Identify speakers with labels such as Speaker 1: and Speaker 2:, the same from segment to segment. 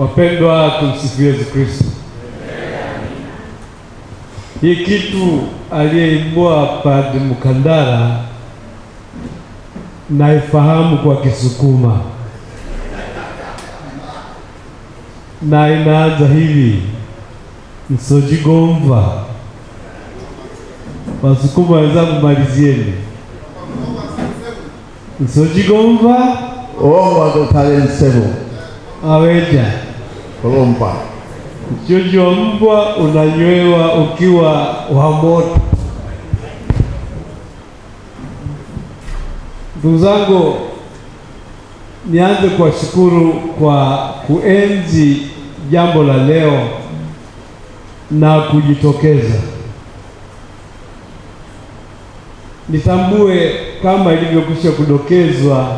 Speaker 1: Wapendwa, tumsifu Yesu Kristo. Hii kitu aliyeimbwa Padri Mkandara naifahamu kwa Kisukuma na inaanza hivi: msojigomva. Wasukuma wenzangu, malizieni msojigomva, owago pale msemo aweja kama mbwa. Mchujo wa mbwa unanywewa ukiwa wa moto. Ndugu zangu, nianze kuwashukuru kwa kuenzi jambo la leo na kujitokeza. Nitambue kama ilivyokwisha kudokezwa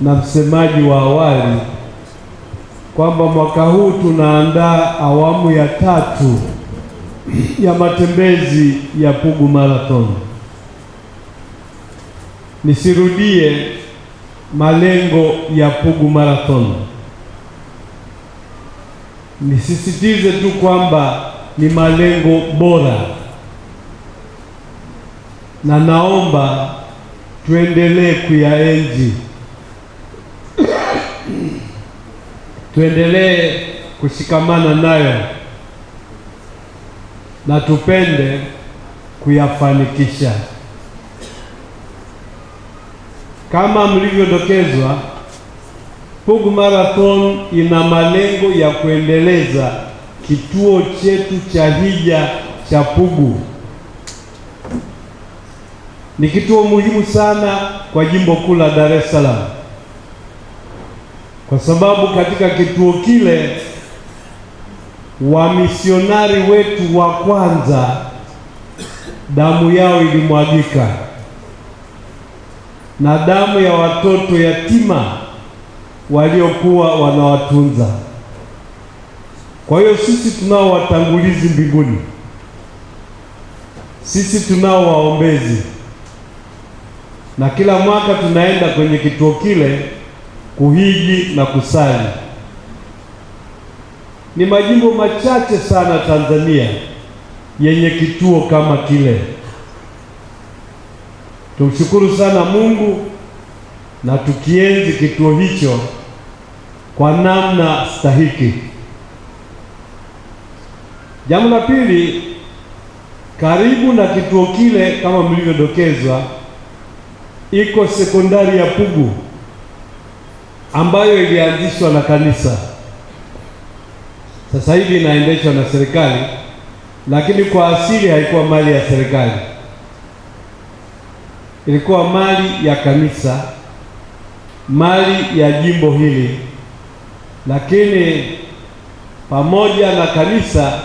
Speaker 1: na msemaji wa awali kwamba mwaka huu tunaandaa awamu ya tatu ya matembezi ya Pugu Marathon. Nisirudie malengo ya Pugu Marathon. Nisisitize tu kwamba ni malengo bora. Na naomba tuendelee kuyaenzi. tuendelee kushikamana nayo na tupende kuyafanikisha. Kama mlivyodokezwa, Pugu Marathon ina malengo ya kuendeleza kituo chetu cha hija cha Pugu. Ni kituo muhimu sana kwa jimbo kuu la Dar es Salaam kwa sababu katika kituo kile wamisionari wetu wa kwanza damu yao ilimwagika, na damu ya watoto yatima waliokuwa wanawatunza. Kwa hiyo sisi tunao watangulizi mbinguni, sisi tunao waombezi, na kila mwaka tunaenda kwenye kituo kile kuhiji na kusali. Ni majimbo machache sana Tanzania yenye kituo kama kile. Tumshukuru sana Mungu na tukienzi kituo hicho kwa namna stahiki. Jambo la pili, karibu na kituo kile, kama mlivyodokezwa, iko sekondari ya Pugu ambayo ilianzishwa na kanisa, sasa hivi inaendeshwa na serikali, lakini kwa asili haikuwa mali ya serikali, ilikuwa mali ya kanisa, mali ya jimbo hili, lakini pamoja na kanisa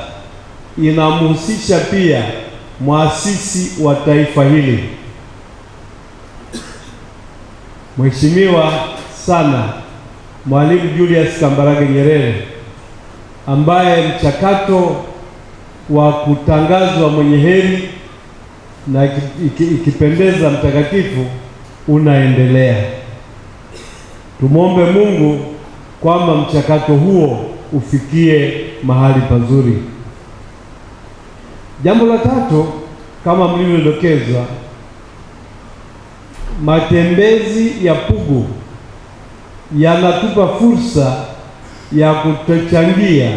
Speaker 1: inamhusisha pia mwasisi wa taifa hili Mheshimiwa sana Mwalimu Julius Kambarage Nyerere ambaye mchakato wa kutangazwa mwenye heri na ikipendeza mtakatifu unaendelea. Tumwombe Mungu kwamba mchakato huo ufikie mahali pazuri. Jambo la tatu, kama mlivyodokezwa, matembezi ya Pugu yanatupa fursa ya kutochangia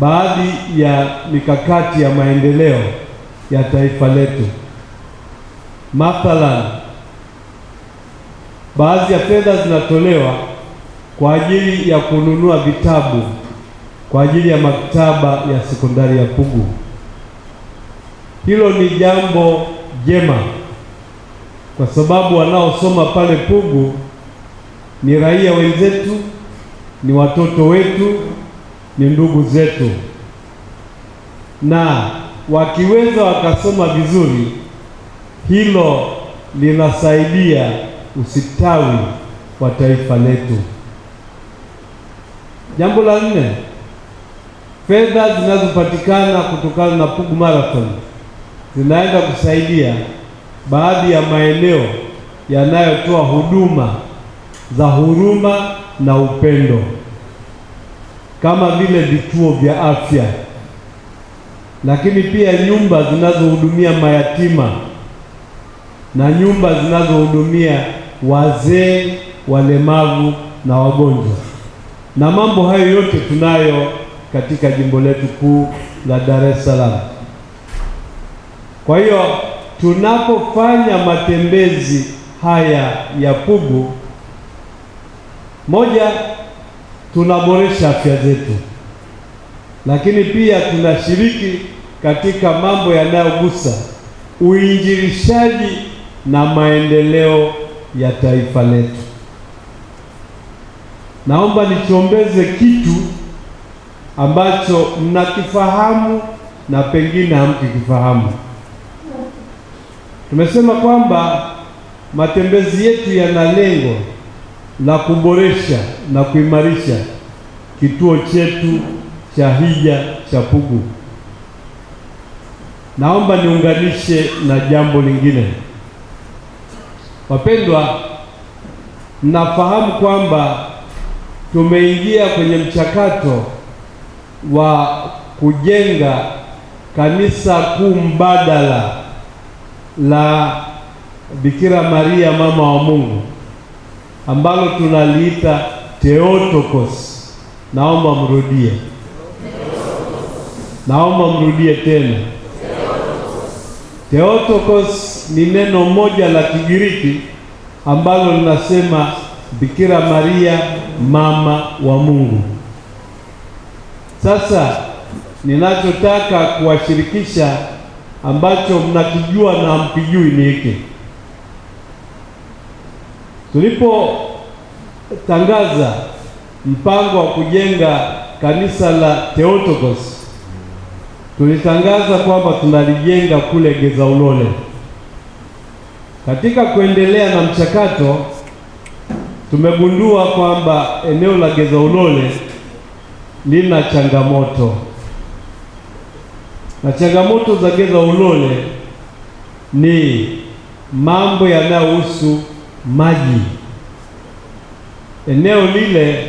Speaker 1: baadhi ya mikakati ya maendeleo ya taifa letu. Mathalan, baadhi ya fedha zinatolewa kwa ajili ya kununua vitabu kwa ajili ya maktaba ya sekondari ya Pugu. Hilo ni jambo jema kwa sababu wanaosoma pale Pugu ni raia wenzetu, ni watoto wetu, ni ndugu zetu, na wakiweza wakasoma vizuri, hilo linasaidia usitawi wa taifa letu. Jambo la nne, fedha zinazopatikana kutokana na Pugu Marathon zinaenda kusaidia baadhi ya maeneo yanayotoa huduma za huruma na upendo kama vile vituo vya afya, lakini pia nyumba zinazohudumia mayatima na nyumba zinazohudumia wazee, walemavu na wagonjwa. Na mambo hayo yote tunayo katika jimbo letu kuu la Dar es Salaam. Kwa hiyo tunapofanya matembezi haya ya Pugu moja, tunaboresha afya zetu, lakini pia tunashiriki katika mambo yanayogusa uinjilishaji na maendeleo ya taifa letu. Naomba nichombeze kitu ambacho mnakifahamu na pengine hamkikifahamu. Tumesema kwamba matembezi yetu yana lengo la kuboresha na kuimarisha kituo chetu cha hija cha Pugu. Naomba niunganishe na jambo lingine. Wapendwa, nafahamu kwamba tumeingia kwenye mchakato wa kujenga kanisa kuu mbadala la Bikira Maria mama wa Mungu ambalo tunaliita Theotokos. Naomba mrudie, naomba mrudie tena. Theotokos ni neno moja la Kigiriki ambalo linasema Bikira Maria mama wa Mungu. Sasa ninachotaka kuwashirikisha ambacho mnakijua na mkijui ni hiki. Tulipotangaza mpango wa kujenga kanisa la Theotokos, tulitangaza kwamba tunalijenga kule Gezaulole. Katika kuendelea na mchakato, tumegundua kwamba eneo la Gezaulole lina changamoto, na changamoto za Gezaulole ni mambo yanayohusu maji. Eneo lile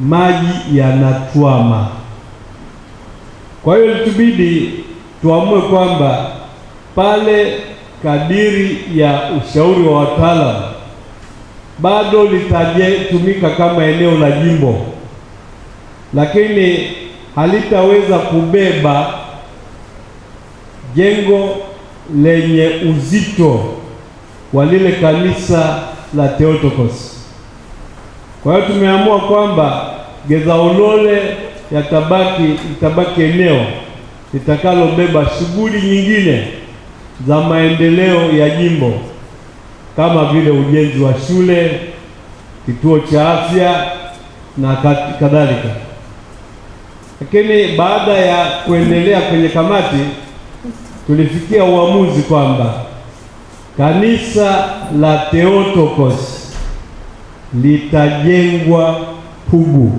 Speaker 1: maji yanatwama, kwa hiyo litubidi tuamue kwamba pale, kadiri ya ushauri wa wataalamu, bado litajetumika kama eneo la jimbo, lakini halitaweza kubeba jengo lenye uzito wa lile kanisa la Theotokos. Kwa hiyo tumeamua kwamba Gezaulole yatabaki itabaki eneo litakalobeba shughuli nyingine za maendeleo ya jimbo kama vile ujenzi wa shule, kituo cha afya na kadhalika. Lakini baada ya kuendelea kwenye kamati tulifikia uamuzi kwamba Kanisa la Theotokos litajengwa Pugu.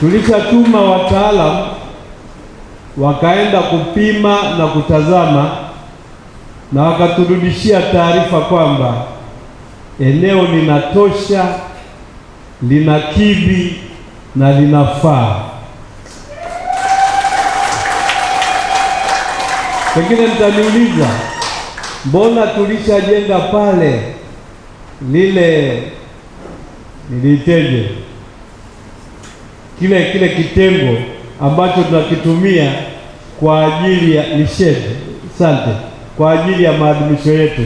Speaker 1: Tulishatuma wataalamu wakaenda kupima na kutazama na wakaturudishia taarifa kwamba eneo linatosha, kibi na linafaa. Pengine mtaniuliza mbona tulishajenga pale lile niliiteje, kile kile kitengo ambacho tunakitumia kwa ajili ya nishede, asante, kwa ajili ya maadhimisho yetu.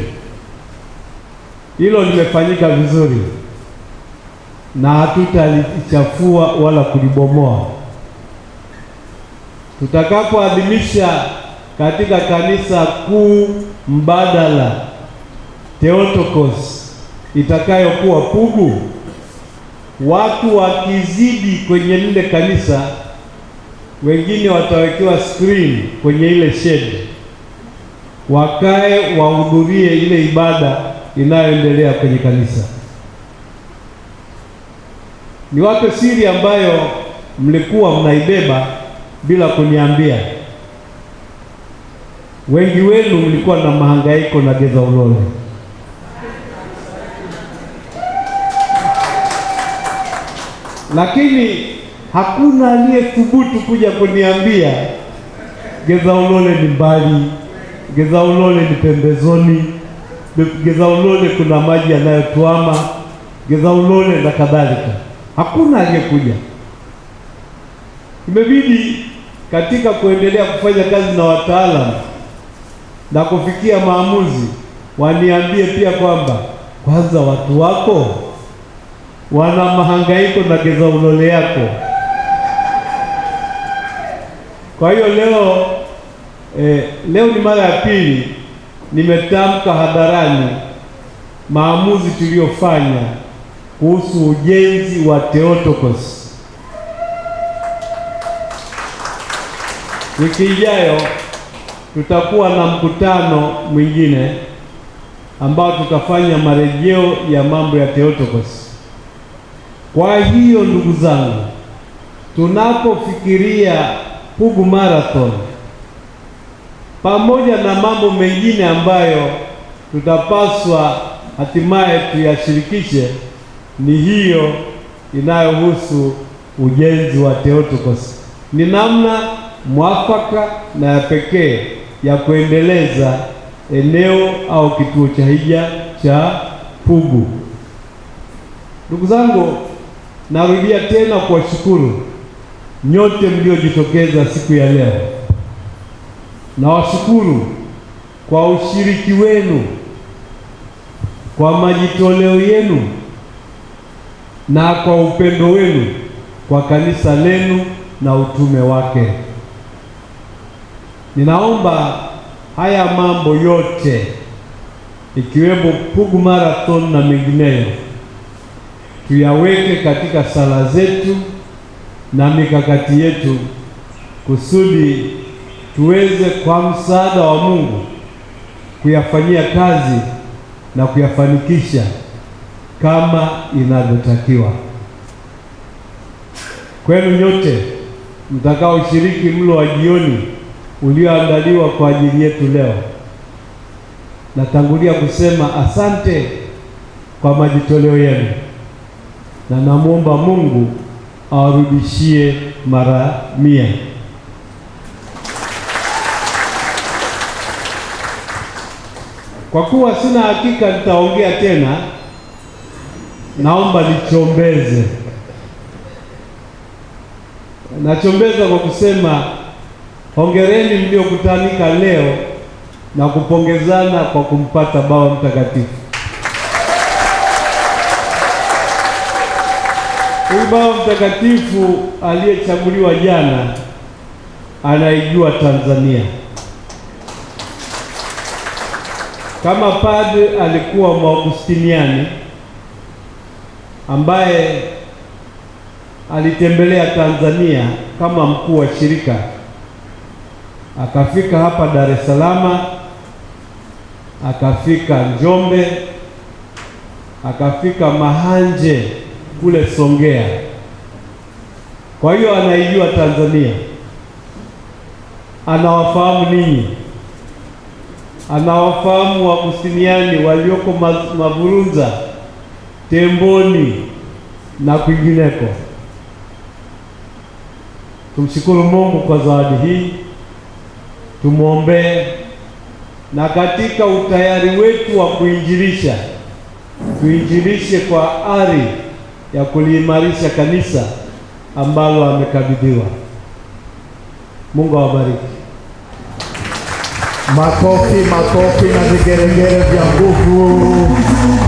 Speaker 1: Hilo limefanyika vizuri na hatutalichafua wala kulibomoa tutakapoadhimisha katika kanisa kuu mbadala Theotokos itakayokuwa Pugu, watu wakizidi kwenye lile kanisa, wengine watawekewa screen kwenye ile shedi, wakae wahudhurie ile ibada inayoendelea kwenye kanisa. ni Niwape siri ambayo mlikuwa mnaibeba bila kuniambia wengi wenu mlikuwa na mahangaiko na geza ulole. Lakini hakuna aliyethubutu kuja kuniambia geza ulole ni mbali, geza ulole ni pembezoni, geza ulole kuna maji yanayotuama, geza ulole na kadhalika. Hakuna aliyekuja. Imebidi katika kuendelea kufanya kazi na wataalamu na kufikia maamuzi, waniambie pia kwamba kwanza watu wako wana mahangaiko na geza ulole yako. Kwa hiyo leo eh, leo ni mara ya pili nimetamka hadharani maamuzi tuliyofanya kuhusu ujenzi wa Theotokos. Wiki ijayo tutakuwa na mkutano mwingine ambao tutafanya marejeo ya mambo ya Theotokos. Kwa hiyo ndugu zangu, tunapofikiria Pugu Marathon pamoja na mambo mengine ambayo tutapaswa hatimaye tuyashirikishe, ni hiyo inayohusu ujenzi wa Theotokos, ni namna mwafaka na ya pekee ya kuendeleza eneo au kituo cha hija cha Pugu. Ndugu zangu, narudia tena kuwashukuru nyote mliojitokeza siku ya leo. Nawashukuru kwa ushiriki wenu, kwa majitoleo yenu na kwa upendo wenu kwa kanisa lenu na utume wake. Ninaomba haya mambo yote ikiwemo Pugu Marathon na mengineyo tuyaweke katika sala zetu na mikakati yetu kusudi tuweze kwa msaada wa Mungu kuyafanyia kazi na kuyafanikisha kama inavyotakiwa. Kwenu nyote mtakaoshiriki mlo wa jioni ulioandaliwa kwa ajili yetu leo. Natangulia kusema asante kwa majitoleo yenu, na namwomba Mungu awarudishie mara mia. Kwa kuwa sina hakika nitaongea tena, naomba nichombeze. Nachombeza kwa kusema Hongereni mliokutanika leo na kupongezana kwa kumpata bawa Mtakatifu. Huyu bawa Mtakatifu aliyechaguliwa jana anaijua Tanzania. Kama padre alikuwa Mwagustiniani ambaye alitembelea Tanzania kama mkuu wa shirika akafika hapa Dar es Salaam, akafika Njombe, akafika Mahanje kule Songea. Kwa hiyo anaijua Tanzania, anawafahamu ninyi, anawafahamu Wagusiniani walioko Mavurunza, Temboni na kwingineko. Tumshukuru Mungu kwa zawadi hii tumwombee, na katika utayari wetu wa kuinjilisha, tuinjilishe kwa ari ya kuliimarisha kanisa ambalo amekabidhiwa. Mungu awabariki. Makofi, makofi na vigeregere vya nguvu.